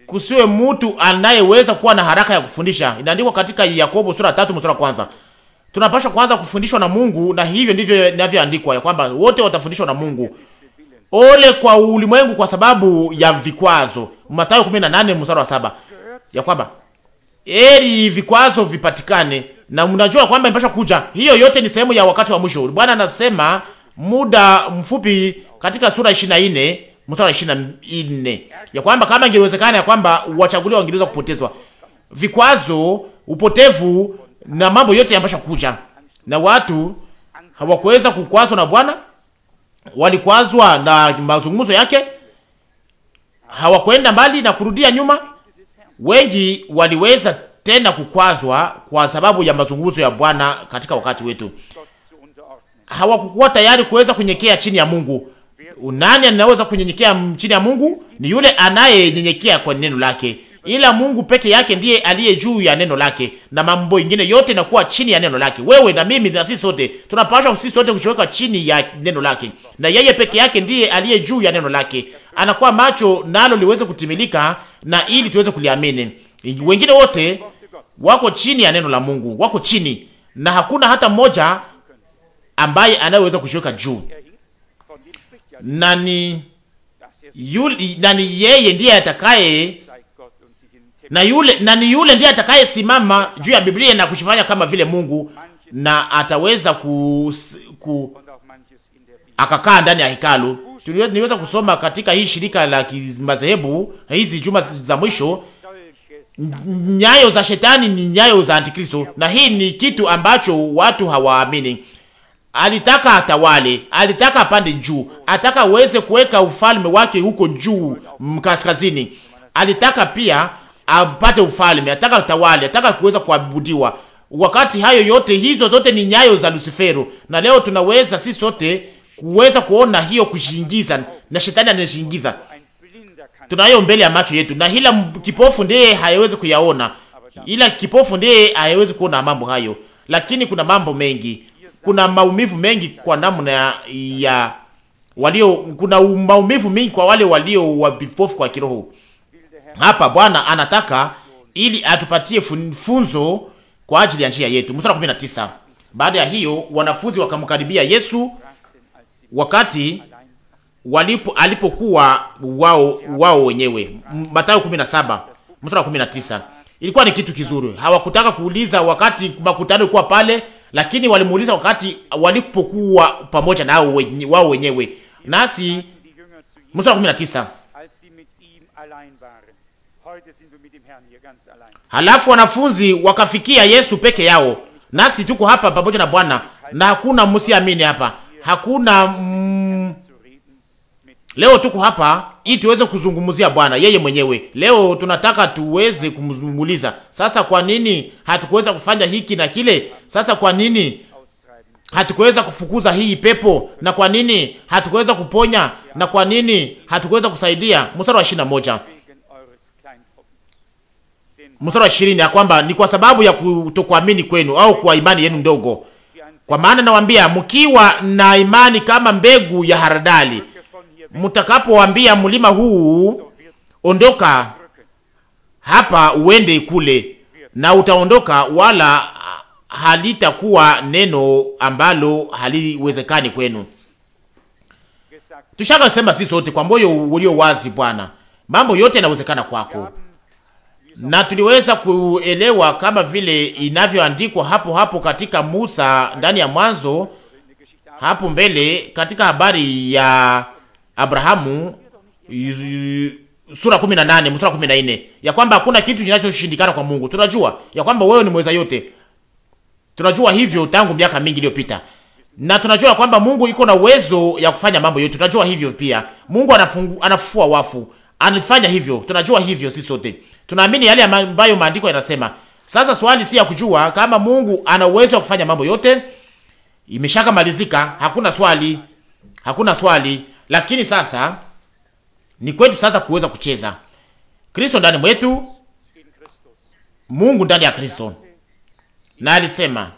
B: Kusiwe mtu anayeweza kuwa na haraka ya kufundisha. Inaandikwa katika Yakobo sura tatu mstari kwanza. Tunapaswa kwanza kufundishwa na Mungu, na hivyo ndivyo inavyoandikwa ya kwamba wote watafundishwa na Mungu. Ole kwa ulimwengu kwa sababu ya vikwazo. Mathayo 18 mstari wa saba. Ya kwamba eri vikwazo vipatikane na mnajua kwamba imepasha kuja. Hiyo yote ni sehemu ya wakati wa mwisho. Bwana anasema muda mfupi katika sura 24 mstari wa 24 ya kwamba kama ingewezekana ya kwamba wachaguliwa wangeweza kupotezwa. Vikwazo, upotevu na mambo yote yanapasha kuja, na watu hawakuweza kukwazwa na Bwana, walikwazwa na mazungumzo yake, hawakwenda mbali na kurudia nyuma. Wengi waliweza tena kukwazwa kwa sababu ya mazungumzo ya Bwana katika wakati wetu. Hawakukuwa tayari kuweza kunyenyekea chini ya Mungu. Unani anaweza kunyenyekea chini ya Mungu? Ni yule anayenyenyekea kwa neno lake, ila Mungu peke yake ndiye aliye juu ya neno lake, na mambo ingine yote inakuwa chini ya neno lake. Wewe na mimi na sisi sote tunapaswa sisi sote kuchoweka chini ya neno lake, na yeye peke yake ndiye aliye juu ya neno lake. Anakuwa macho nalo liweze kutimilika, na ili tuweze kuliamini. Wengine wote wako chini ya neno la Mungu, wako chini, na hakuna hata mmoja ambaye anayeweza kushuka juu. Nani yule? Nani yeye ndiye atakaye na yule nani yule ndiye atakaye simama juu ya Biblia na kushifanya kama vile Mungu, na ataweza ku, ku akakaa ndani ya hekalu. Niweza kusoma katika hii shirika la kimadhehebu hizi juma za mwisho nyayo za shetani ni nyayo za Antikristo, na hii ni kitu ambacho watu hawaamini. Alitaka atawale, alitaka apande juu, ataka aweze kuweka ufalme wake huko juu mkaskazini. Alitaka pia apate ufalme, ataka atawale, ataka kuweza kuabudiwa. Wakati hayo yote, hizo zote ni nyayo za Lusiferu, na leo tunaweza si sote kuweza kuona hiyo kushingiza, na shetani anashingiza tunayo mbele ya macho yetu, na hila kipofu ndiye hayewezi kuyaona, ila kipofu ndiye hayewezi kuona mambo hayo. Lakini kuna mambo mengi, kuna maumivu mengi kwa namna ya walio, kuna maumivu mengi kwa wale walio vipofu kwa kiroho. Hapa Bwana anataka ili atupatie funzo kwa ajili ya njia yetu. Mstari 19. Baada ya hiyo wanafunzi wakamkaribia Yesu wakati walipo alipokuwa wao wao wenyewe. Mathayo 17 mstari wa 19. Ilikuwa ni kitu kizuri. Hawakutaka kuuliza wakati makutano ilikuwa pale, lakini walimuuliza wakati walipokuwa pamoja na wao wenyewe. Nasi mstari wa 19. Halafu wanafunzi wakafikia Yesu peke yao. Nasi tuko hapa pamoja na Bwana na hakuna msiamini hapa. Hakuna mm, Leo tuko hapa ili tuweze kuzungumzia Bwana yeye mwenyewe. Leo tunataka tuweze kumzungumuliza. Sasa kwa nini hatukuweza kufanya hiki na kile? Sasa kwa nini hatukuweza kufukuza hii pepo? Na kwa nini hatukuweza kuponya? Na kwa nini hatukuweza kusaidia? Mstari wa moja. Mstari wa 20 ya kwamba ni kwa sababu ya kutokuamini kwenu au kwa imani yenu ndogo. Kwa maana nawaambia mkiwa na imani kama mbegu ya haradali mtakapoambia mlima huu ondoka hapa uende kule, na utaondoka, wala halitakuwa neno ambalo haliwezekani kwenu. Tushaka sema sisi sote kwa moyo ulio wazi, Bwana, mambo yote yanawezekana kwako, na tuliweza kuelewa kama vile inavyoandikwa hapo hapo katika Musa ndani ya Mwanzo hapo mbele katika habari ya Abrahamu sura 18 mstari 14, ya kwamba hakuna kitu kinachoshindikana kwa Mungu. Tunajua ya kwamba wewe ni mweza yote, tunajua hivyo tangu miaka mingi iliyopita, na tunajua kwamba Mungu iko na uwezo ya kufanya mambo yote. Tunajua hivyo pia, Mungu anafungu, anafua wafu, anafanya hivyo. Tunajua hivyo sisi sote tunaamini yale ambayo maandiko yanasema. Sasa swali si ya kujua kama Mungu ana uwezo wa kufanya mambo yote, imeshakamalizika. Hakuna swali, hakuna swali. Lakini sasa ni kwetu sasa kuweza kucheza Kristo ndani mwetu, Mungu ndani ya Kristo. Na alisema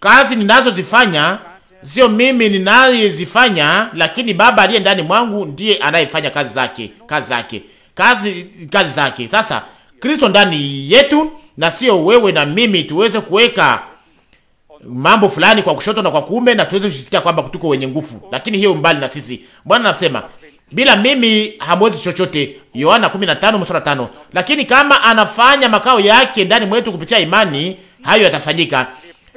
B: kazi ninazozifanya sio mimi ninayezifanya, lakini Baba aliye ndani mwangu ndiye anayefanya kazi zake, kazi zake, kazi kazi zake. Sasa Kristo ndani yetu, na sio wewe na mimi tuweze kuweka mambo fulani kwa kushoto na kwa kuume, na tuweze kusikia kwamba tuko wenye nguvu, lakini hiyo mbali na sisi. Bwana anasema bila mimi hamwezi chochote, Yohana 15 mstari 5. Lakini kama anafanya makao yake ndani mwetu kupitia imani, hayo yatafanyika.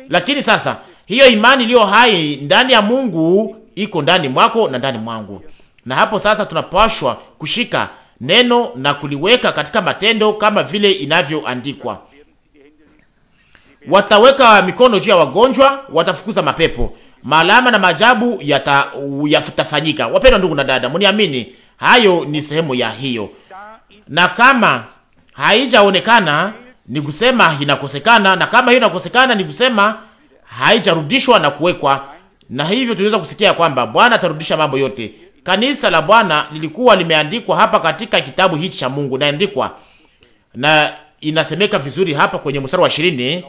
B: Lakini sasa hiyo imani iliyo hai ndani ya Mungu iko ndani mwako na ndani mwangu, na hapo sasa tunapashwa kushika neno na kuliweka katika matendo kama vile inavyoandikwa wataweka mikono juu ya wagonjwa, watafukuza mapepo, maalama na maajabu yatafanyika. Wapendwa ndugu na dada, mniamini, hayo ni sehemu ya hiyo, na kama haijaonekana ni kusema inakosekana, na kama hiyo inakosekana ni kusema haijarudishwa na kuwekwa. Na hivyo tunaweza kusikia kwamba Bwana atarudisha mambo yote. Kanisa la Bwana lilikuwa limeandikwa hapa katika kitabu hichi cha Mungu, naandikwa na inasemeka vizuri hapa kwenye mstari wa ishirini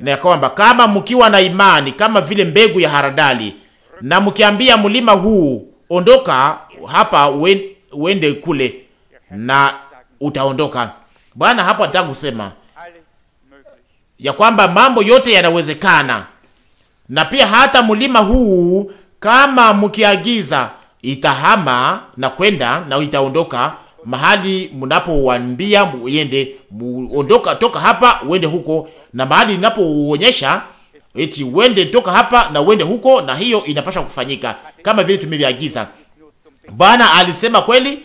B: na kwamba kama mkiwa na imani kama vile mbegu ya haradali, na mkiambia mlima huu ondoka hapa uende kule, na utaondoka. Bwana hapo anataka kusema ya kwamba mambo yote yanawezekana, na pia hata mlima huu kama mkiagiza itahama na kwenda na itaondoka mahali mnapowaambia muende, muondoka toka hapa uende huko na mahali ninapoonyesha eti wende toka hapa na wende huko, na hiyo inapaswa kufanyika kama vile tumeviagiza. Bwana alisema kweli,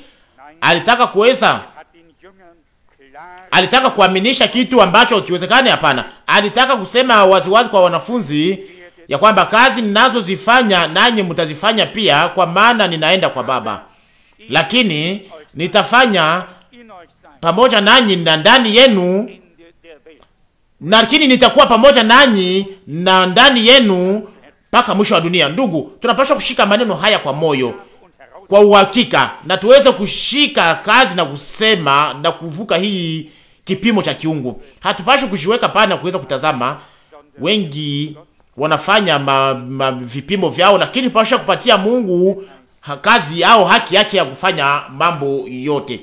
B: alitaka kuweza, alitaka kuaminisha kitu ambacho kiwezekane? Hapana, alitaka kusema waziwazi wazi kwa wanafunzi ya kwamba kazi ninazozifanya nanyi mtazifanya pia, kwa maana ninaenda kwa Baba, lakini nitafanya pamoja nanyi na ndani yenu lakini nitakuwa pamoja nanyi na ndani yenu mpaka mwisho wa dunia. Ndugu, tunapaswa kushika maneno haya kwa moyo, kwa uhakika, na tuweze kushika kazi na kusema na kuvuka hii kipimo cha kiungu. Hatupaswi kujiweka pale na kuweza kutazama. Wengi wanafanya ma, ma vipimo vyao, lakini pasha kupatia Mungu kazi au haki yake ya kufanya mambo yote.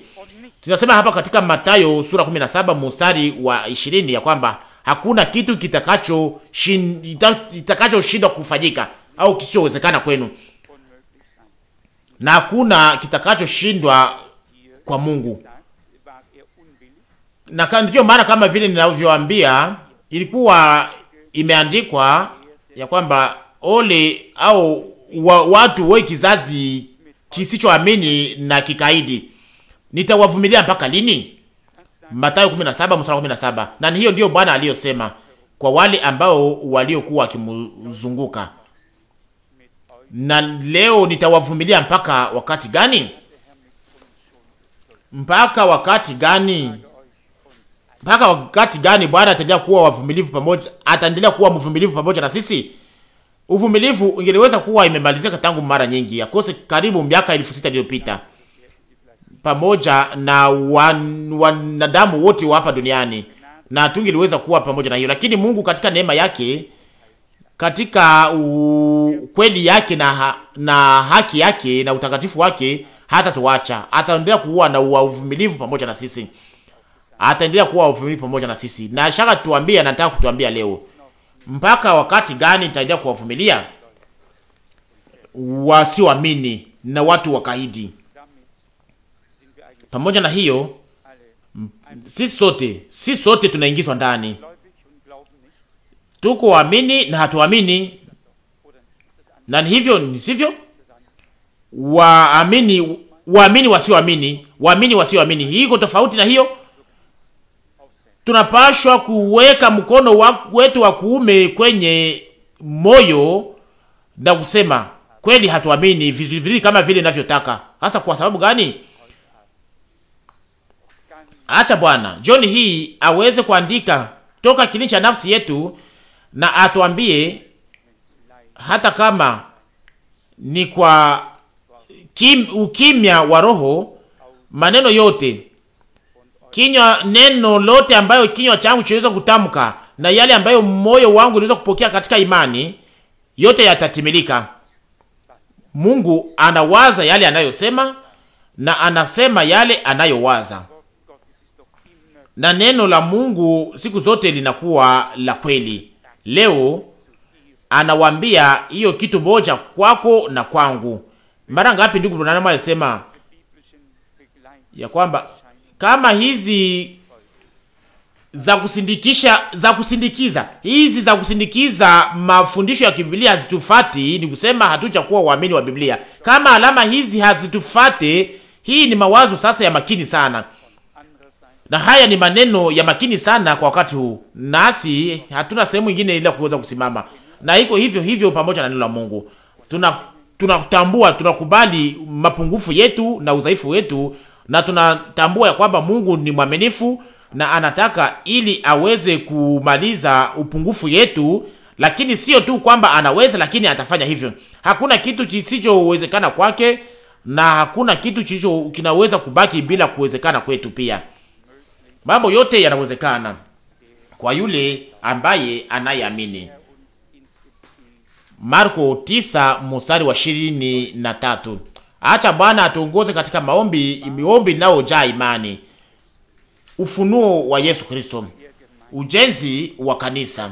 B: Tunasema hapa katika Mathayo sura 17 mstari wa 20 ya kwamba hakuna kitu kitakacho kitakacho shindwa kufanyika au kisichowezekana kwenu, na hakuna kitakachoshindwa kwa Mungu. Na ndio maana kama vile ninavyoambia, ilikuwa imeandikwa ya kwamba ole au wa, watu we kizazi kisichoamini na kikaidi nitawavumilia mpaka lini? Mathayo 17 mstari 17. Na hiyo ndiyo Bwana aliyosema kwa wale ambao waliokuwa wakimzunguka. Na leo nitawavumilia mpaka wakati gani? Mpaka wakati gani? Mpaka wakati gani Bwana ataendelea kuwa wavumilivu pamoja, ataendelea kuwa mvumilivu pamoja na sisi? Uvumilivu ingeliweza kuwa imemalizika tangu mara nyingi, akose karibu miaka elfu sita iliyopita pamoja na wan, wanadamu wote wa hapa duniani, na tungeliweza kuwa pamoja na hiyo, lakini Mungu katika neema yake, katika kweli yake na, ha, na haki yake na utakatifu wake hata tuacha, ataendelea kuwa na uvumilivu pamoja na sisi, ataendelea kuwa uvumilivu pamoja na sisi. Na shaka tuambie, nataka kutuambia leo, mpaka wakati gani nitaendelea kuwavumilia wasioamini na watu wakaidi? Pamoja na hiyo, sisi sote sisi sote tunaingizwa ndani, tuko waamini na hatuamini, na ni hivyo ni sivyo, waamini waamini wasioamini, waamini wasioamini, hiko tofauti na hiyo tunapashwa kuweka mkono wetu wa kuume kwenye moyo na kusema kweli, hatuamini vizuri kama vile inavyotaka. Hasa kwa sababu gani? acha Bwana John hii aweze kuandika toka kilini cha nafsi yetu, na atuambie hata kama ni kwa kim, ukimya wa roho, maneno yote kinywa, neno lote ambayo kinywa changu chiliweza kutamka na yale ambayo moyo wangu uliweza kupokea katika imani, yote yatatimilika. Mungu anawaza yale anayosema na anasema yale anayowaza na neno la Mungu siku zote linakuwa la kweli. Leo anawambia hiyo kitu moja kwako na kwangu. Mara ngapi ndugu Branham alisema ya kwamba kama hizi za kusindikisha za kusindikiza hizi za kusindikiza mafundisho ya Biblia hazitufati, ni kusema hatujakuwa waamini wa Biblia. Kama alama hizi hazitufate, hii ni mawazo sasa ya makini sana na haya ni maneno ya makini sana kwa wakati huu, nasi hatuna sehemu ingine ila kuweza kusimama, na iko hivyo hivyo pamoja na neno la Mungu. Tuna tunatambua tunakubali mapungufu yetu na udhaifu wetu, na tunatambua ya kwamba Mungu ni mwaminifu na anataka ili aweze kumaliza upungufu yetu, lakini sio tu kwamba anaweza, lakini atafanya hivyo. Hakuna kitu kisichowezekana kwake na hakuna kitu kisicho kinaweza kubaki bila kuwezekana kwetu pia. Mambo yote yanawezekana kwa yule ambaye anayeamini. Marko tisa mstari wa ishirini na tatu. Acha Bwana atuongoze katika maombi, miombi naojaa imani, ufunuo wa Yesu Kristo, ujenzi wa kanisa,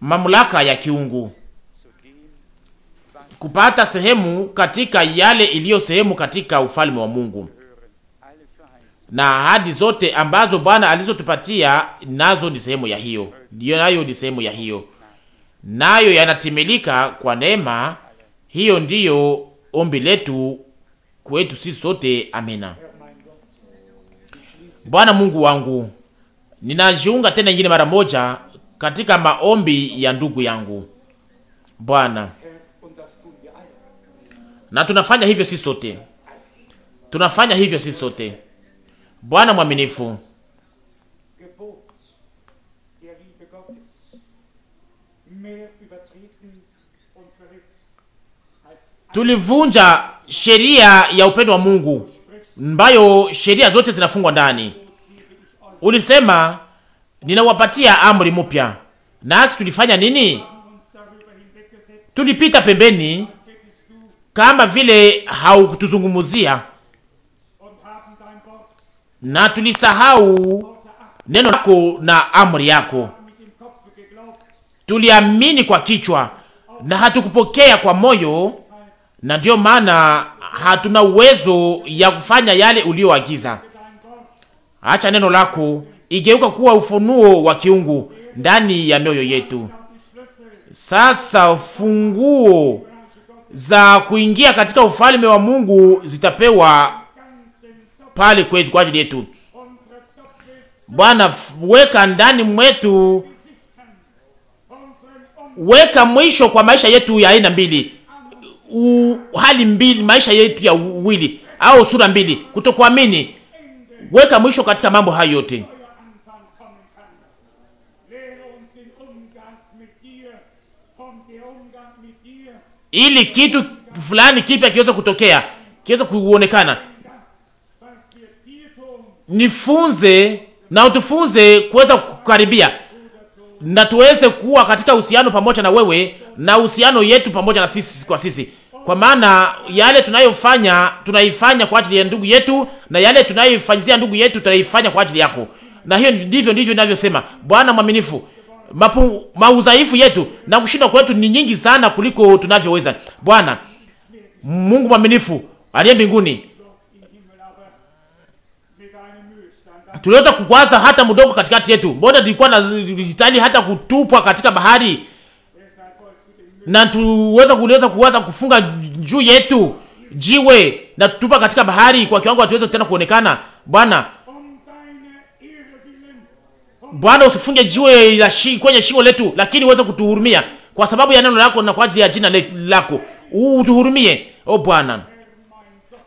B: mamlaka ya kiungu, kupata sehemu katika yale iliyo sehemu katika ufalme wa Mungu na ahadi zote ambazo Bwana alizotupatia nazo ni sehemu ya hiyo, ndiyo nayo ni sehemu ya hiyo, nayo yanatimilika kwa neema hiyo. Ndiyo ombi letu kwetu sisi sote, amina. Bwana Mungu wangu, ninajiunga tena ingine mara moja katika maombi ya ndugu yangu Bwana, na tunafanya hivyo sisi sote, tunafanya hivyo sisi sote Bwana mwaminifu, tulivunja sheria ya upendo wa Mungu ambayo sheria zote zinafungwa ndani. Ulisema, ninawapatia amri mpya, nasi tulifanya nini? Tulipita pembeni kama vile haukutuzungumuzia na tulisahau neno lako na amri yako. Tuliamini kwa kichwa na hatukupokea kwa moyo, na ndiyo maana hatuna uwezo ya kufanya yale uliyoagiza. Acha neno lako igeuka kuwa ufunuo wa kiungu ndani ya mioyo yetu. Sasa funguo za kuingia katika ufalme wa Mungu zitapewa pale kwetu kwa ajili yetu. Bwana, weka ndani mwetu, weka mwisho kwa maisha yetu ya aina mbili, hali mbili, maisha yetu ya wili au sura mbili, kutokuamini. Weka mwisho katika mambo hayo yote. ili kitu fulani kipya kiweze kutokea, kiweze kuonekana nifunze na utufunze kuweza kukaribia na tuweze kuwa katika uhusiano pamoja na wewe na uhusiano yetu pamoja na sisi kwa sisi, kwa maana yale tunayofanya tunaifanya kwa ajili ya ndugu yetu, na yale tunayoifanyizia ndugu yetu tunaifanya kwa ajili yako. Na hiyo ndivyo ndivyo ninavyosema, Bwana mwaminifu. Mapu, mauzaifu yetu na kushindwa kwetu ni nyingi sana kuliko tunavyoweza. Bwana Mungu mwaminifu aliye mbinguni, tuliweza kukwaza hata mdogo katikati yetu, mbona tulikuwa na digitali hata kutupwa katika bahari, na tuweza kuweza kuwaza kufunga juu yetu jiwe na tutupa katika bahari kwa kiwango hatuweze tena kuonekana. Bwana Bwana, usifunge jiwe la shi, kwenye shingo letu, lakini uweze kutuhurumia kwa sababu ya neno lako na kwa ajili ya jina lako utuhurumie. O Bwana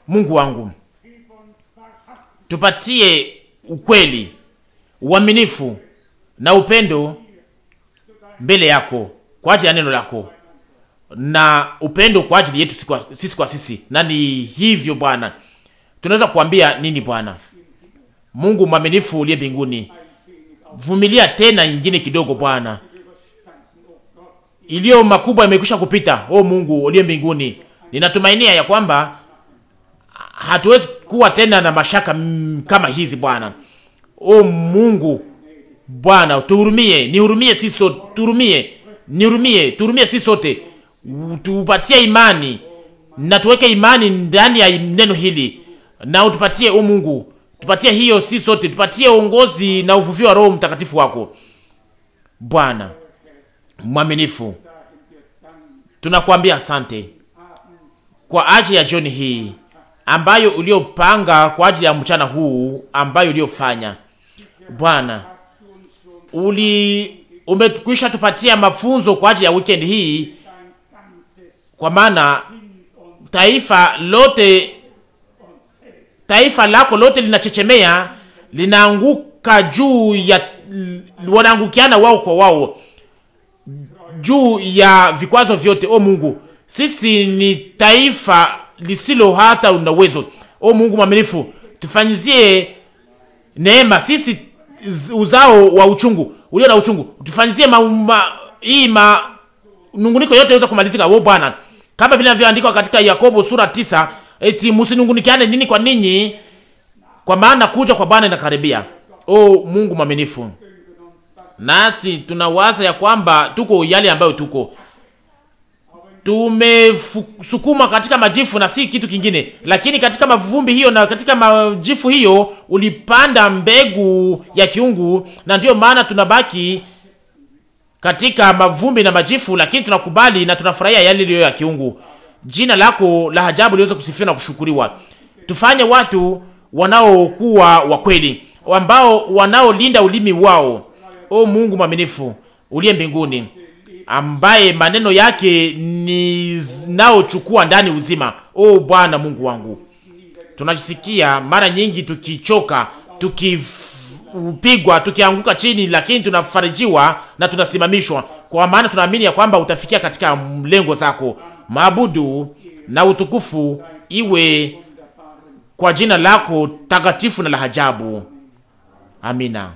B: Mungu wangu, tupatie ukweli, uaminifu na upendo mbele yako kwa ajili ya neno lako na upendo kwa ajili yetu sisi kwa sisi. Na ni hivyo Bwana, tunaweza kuambia nini Bwana Mungu mwaminifu uliye mbinguni? Vumilia tena nyingine kidogo Bwana, iliyo makubwa imekwisha kupita. O Mungu uliye mbinguni, ninatumainia ya kwamba hatuwezi kuwa tena na mashaka kama hizi Bwana. O Mungu Bwana, tuhurumie, nihurumie sisi sote, tuhurumie, nihurumie, tuhurumie sisi sote, tupatie imani na tuweke imani ndani ya neno hili, na utupatie o Mungu, tupatie hiyo sisi sote, tupatie uongozi na uvuvio wa Roho Mtakatifu wako Bwana mwaminifu. Tunakuambia asante kwa ajili ya jioni hii ambayo uliopanga kwa ajili ya mchana huu, ambayo uliofanya Bwana, uli umekwisha tupatia mafunzo kwa ajili ya weekend hii, kwa maana taifa lote, taifa lako lote linachechemea, linaanguka juu ya, wanaangukiana wao kwa wao juu ya vikwazo vyote. O Mungu, sisi ni taifa lisilo hata una uwezo. O Mungu mwaminifu, tufanyizie neema sisi uzao wa uchungu ulio na uchungu, tufanyizie mauma hii ma nunguniko yote iweze kumalizika. Wewe Bwana, kama vile inavyoandikwa katika Yakobo sura tisa, eti msinungunikiane nini kwa ninyi, kwa maana kuja kwa Bwana inakaribia. O Mungu mwaminifu, nasi tunawaza ya kwamba tuko yale ambayo tuko tumesukuma katika majifu na si kitu kingine, lakini katika mavumbi hiyo na katika majifu hiyo ulipanda mbegu ya kiungu, na ndiyo maana tunabaki katika mavumbi na majifu, lakini tunakubali na tunafurahia yale yaliyo ya kiungu. Jina lako la ajabu liweze kusifiwa na kushukuriwa. Tufanye watu wanaokuwa wa kweli, ambao wanaolinda ulimi wao. O Mungu mwaminifu uliye mbinguni ambaye maneno yake ni naochukua ndani uzima. O Bwana Mungu wangu, tunasikia mara nyingi tukichoka, tukipigwa, tukianguka chini, lakini tunafarijiwa na tunasimamishwa, kwa maana tunaamini ya kwamba utafikia katika lengo zako. Maabudu na utukufu iwe kwa jina lako takatifu na la ajabu. Amina.